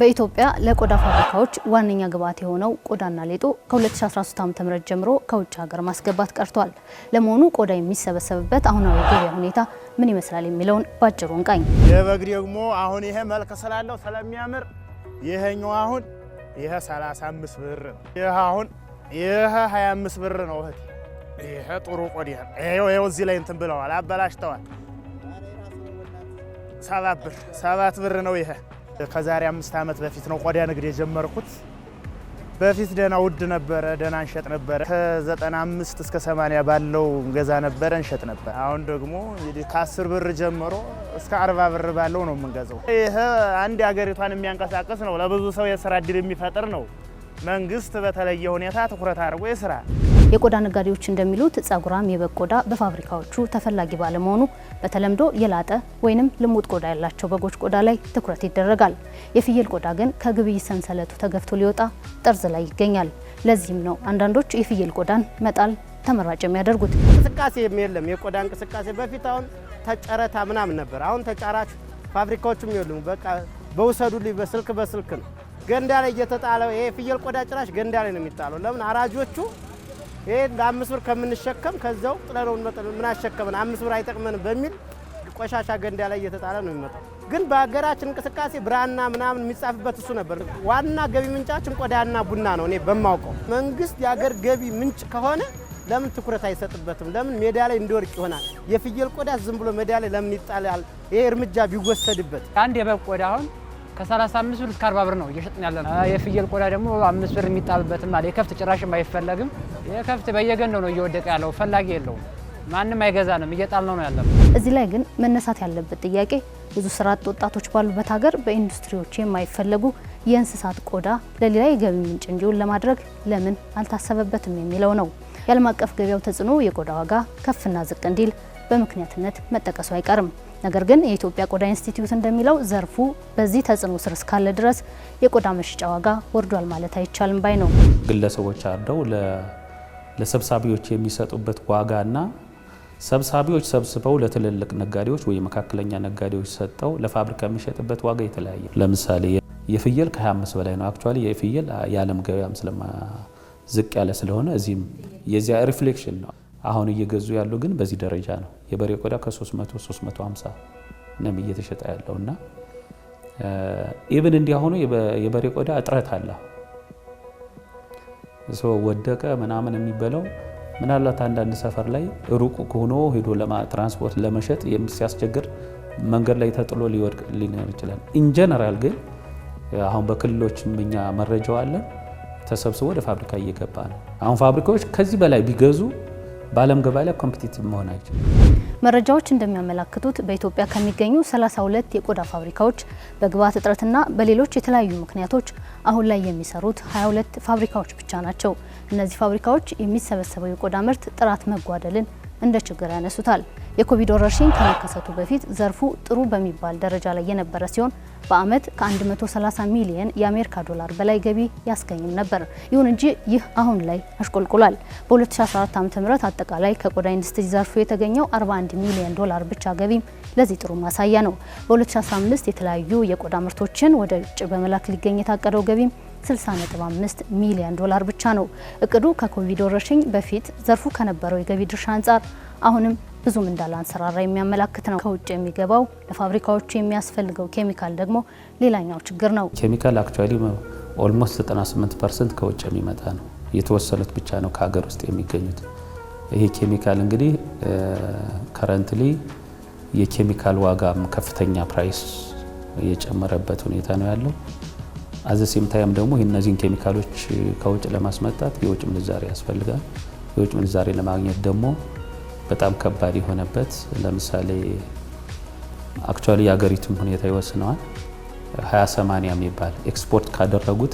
በኢትዮጵያ ለቆዳ ፋብሪካዎች ዋነኛ ግብዓት የሆነው ቆዳና ሌጦ ከ2013 ዓ.ም ጀምሮ ከውጭ ሀገር ማስገባት ቀርቷል። ለመሆኑ ቆዳ የሚሰበሰብበት አሁናዊ ገበያ ሁኔታ ምን ይመስላል የሚለውን ባጭሩ እንቃኝ። የበግ ደግሞ አሁን ይሄ መልክ ስላለው ስለሚያምር ይሄኛው አሁን ይሄ 35 ብር ነው። ይሄ አሁን ይሄ 25 ብር ነው። እህት ይሄ ጥሩ ቆዳ ይሄው ይሄው እዚህ ላይ እንትን ብለዋል፣ አበላሽተዋል። ሰባት ብር ሰባት ብር ነው ይሄ ከዛሬ አምስት ዓመት በፊት ነው ቆዳ ንግድ የጀመርኩት። በፊት ደና ውድ ነበረ፣ ደና እንሸጥ ነበረ ከዘጠና አምስት እስከ 80 ባለው ገዛ ነበረ፣ እንሸጥ ነበር አሁን ደግሞ እንግዲህ ብር ጀምሮ እስከ አርባ ብር ባለው ነው የምንገዛው። ይህ አንድ ሀገሪቷን የሚያንቀሳቅስ ነው፣ ለብዙ ሰው የስራ እድል የሚፈጥር ነው። መንግስት በተለየ ሁኔታ ትኩረት አድርጎ የስራ የቆዳ ነጋዴዎች እንደሚሉት ጸጉራም የበግ ቆዳ በፋብሪካዎቹ ተፈላጊ ባለመሆኑ በተለምዶ የላጠ ወይንም ልሙጥ ቆዳ ያላቸው በጎች ቆዳ ላይ ትኩረት ይደረጋል። የፍየል ቆዳ ግን ከግብይት ሰንሰለቱ ተገፍቶ ሊወጣ ጠርዝ ላይ ይገኛል። ለዚህም ነው አንዳንዶች የፍየል ቆዳን መጣል ተመራጭ የሚያደርጉት። እንቅስቃሴም የለም የቆዳ እንቅስቃሴ። በፊት አሁን ተጨረታ ምናምን ነበር። አሁን ተጫራች ፋብሪካዎቹም የሉም። በቃ በውሰዱልኝ በስልክ በስልክ ነው ገንዳ ላይ እየተጣለው። ይሄ ፍየል ቆዳ ጭራሽ ገንዳ ላይ ነው የሚጣለው። ለምን አራጆቹ ይሄ አምስት ብር ከምንሸከም ከዛው ጥለነውን ምን አሸከመን አምስት ብር አይጠቅመንም በሚል ቆሻሻ ገንዳ ላይ እየተጣለ ነው የሚመጣው። ግን በሀገራችን እንቅስቃሴ ብራና ምናምን የሚጻፍበት እሱ ነበር። ዋና ገቢ ምንጫችን ቆዳና ቡና ነው። እኔ በማውቀው መንግስት የሀገር ገቢ ምንጭ ከሆነ ለምን ትኩረት አይሰጥበትም? ለምን ሜዳ ላይ እንዲወርቅ ይሆናል? የፍየል ቆዳ ዝም ብሎ ሜዳ ላይ ለምን ይጣላል? ይሄ እርምጃ ቢወሰድበት። አንድ የበግ ቆዳ አሁን ከ35 ብር እስከ 40 ብር ነው እየሸጥን ያለ ነው። የፍየል ቆዳ ደግሞ አምስት ብር የሚጣልበትም አለ። የከብት ጭራሽም አይፈለግም። የከብት በየገንደው ነው እየወደቀ ያለው። ፈላጊ የለውም። ማንም አይገዛንም። እየጣልነው ነው ያለው። እዚህ ላይ ግን መነሳት ያለበት ጥያቄ ብዙ ስራ አጥ ወጣቶች ባሉበት ሀገር በኢንዱስትሪዎች የማይፈለጉ የእንስሳት ቆዳ ለሌላ የገቢ ምንጭ እንዲሆን ለማድረግ ለምን አልታሰበበትም የሚለው ነው። የዓለም አቀፍ ገበያው ተጽዕኖ የቆዳ ዋጋ ከፍና ዝቅ እንዲል በምክንያትነት መጠቀሱ አይቀርም። ነገር ግን የኢትዮጵያ ቆዳ ኢንስቲትዩት እንደሚለው ዘርፉ በዚህ ተጽዕኖ ስር እስካለ ድረስ የቆዳ መሸጫ ዋጋ ወርዷል ማለት አይቻልም ባይ ነው። ግለሰቦች አርደው ለሰብሳቢዎች የሚሰጡበት ዋጋና ሰብሳቢዎች ሰብስበው ለትልልቅ ነጋዴዎች ወይ መካከለኛ ነጋዴዎች ሰጠው ለፋብሪካ የሚሸጥበት ዋጋ የተለያየ። ለምሳሌ የፍየል ከ25 በላይ ነው። አክቹዋሊ የፍየል የዓለም ገበያም ስለማ ዝቅ ያለ ስለሆነ እዚህም የዚያ ሪፍሌክሽን ነው። አሁን እየገዙ ያሉ ግን በዚህ ደረጃ ነው። የበሬ ቆዳ ከ300 350 ነው እየተሸጠ ያለው እና ኢብን እንዲህ የበሬ ቆዳ እጥረት አለ። ሰው ወደቀ ምናምን የሚበለው ምናልባት አንዳንድ ሰፈር ላይ ሩቅ ሆኖ ሄዶ ትራንስፖርት ለመሸጥ ሲያስቸግር መንገድ ላይ ተጥሎ ሊወድቅ ሊኖር ይችላል። ኢንጀነራል ግን አሁን በክልሎች እኛ መረጃው አለ ተሰብስቦ ወደ ፋብሪካ እየገባ ነው። አሁን ፋብሪካዎች ከዚህ በላይ ቢገዙ በዓለም ገበያ ላይ ኮምፒቲቲቭ መሆን አይችልም። መረጃዎች እንደሚያመላክቱት በኢትዮጵያ ከሚገኙ 32 የቆዳ ፋብሪካዎች በግብዓት እጥረትና በሌሎች የተለያዩ ምክንያቶች አሁን ላይ የሚሰሩት 22 ፋብሪካዎች ብቻ ናቸው። እነዚህ ፋብሪካዎች የሚሰበሰበው የቆዳ ምርት ጥራት መጓደልን እንደ ችግር ያነሱታል። የኮቪድ ወረርሽኝ ከመከሰቱ በፊት ዘርፉ ጥሩ በሚባል ደረጃ ላይ የነበረ ሲሆን በዓመት ከ130 ሚሊየን የአሜሪካ ዶላር በላይ ገቢ ያስገኝም ነበር። ይሁን እንጂ ይህ አሁን ላይ አሽቆልቁሏል። በ2014 ዓ.ም አጠቃላይ ከቆዳ ኢንዱስትሪ ዘርፉ የተገኘው 41 ሚሊየን ዶላር ብቻ ገቢም ለዚህ ጥሩ ማሳያ ነው። በ2015 የተለያዩ የቆዳ ምርቶችን ወደ ውጭ በመላክ ሊገኝ የታቀደው ገቢም 65 ሚሊዮን ዶላር ብቻ ነው። እቅዱ ከኮቪድ ወረርሽኝ በፊት ዘርፉ ከነበረው የገቢ ድርሻ አንጻር አሁንም ብዙም እንዳላንሰራራ የሚያመላክት ነው። ከውጭ የሚገባው ለፋብሪካዎቹ የሚያስፈልገው ኬሚካል ደግሞ ሌላኛው ችግር ነው። ኬሚካል አክቹዋሊ ኦልሞስት 98 ፐርሰንት ከውጭ የሚመጣ ነው። የተወሰኑት ብቻ ነው ከሀገር ውስጥ የሚገኙት። ይሄ ኬሚካል እንግዲህ ከረንትሊ የኬሚካል ዋጋም ከፍተኛ ፕራይስ የጨመረበት ሁኔታ ነው ያለው። አዘ ሴም ታይም ደግሞ እነዚህን ኬሚካሎች ከውጭ ለማስመጣት የውጭ ምንዛሬ ያስፈልጋል። የውጭ ምንዛሬ ለማግኘት ደግሞ በጣም ከባድ የሆነበት ለምሳሌ አክቹዋሊ የሀገሪቱም ሁኔታ ይወስነዋል። 20 የሚባል ኤክስፖርት ካደረጉት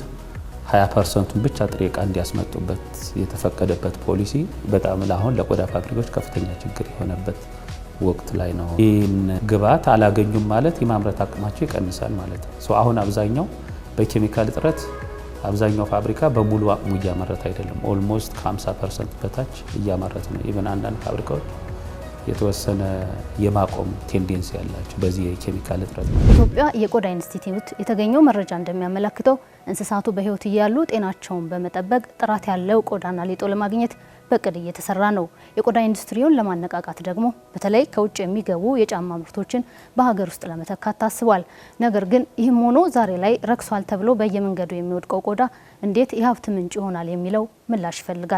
20 ፐርሰንቱን ብቻ ጥሬ እንዲያስመጡበት የተፈቀደበት ፖሊሲ በጣም ለአሁን ለቆዳ ፋብሪካዎች ከፍተኛ ችግር የሆነበት ወቅት ላይ ነው። ይህን ግብዓት አላገኙም ማለት የማምረት አቅማቸው ይቀንሳል ማለት ነው። አሁን አብዛኛው በኬሚካል እጥረት አብዛኛው ፋብሪካ በሙሉ አቅሙ እያመረተ አይደለም። ኦልሞስት ከ50 ፐርሰንት በታች እያመረተ ነው። ኢቨን አንዳንድ ፋብሪካዎች የተወሰነ የማቆም ቴንዴንስ ያላቸው በዚህ የኬሚካል እጥረት ነው። ኢትዮጵያ የቆዳ ኢንስቲትዩት የተገኘው መረጃ እንደሚያመለክተው እንስሳቱ በሕይወት እያሉ ጤናቸውን በመጠበቅ ጥራት ያለው ቆዳና ሌጦ ለማግኘት በቅድ እየተሰራ ነው። የቆዳ ኢንዱስትሪውን ለማነቃቃት ደግሞ በተለይ ከውጭ የሚገቡ የጫማ ምርቶችን በሀገር ውስጥ ለመተካት ታስቧል። ነገር ግን ይህም ሆኖ ዛሬ ላይ ረክሷል ተብሎ በየመንገዱ የሚወድቀው ቆዳ እንዴት የሀብት ምንጭ ይሆናል የሚለው ምላሽ ይፈልጋል።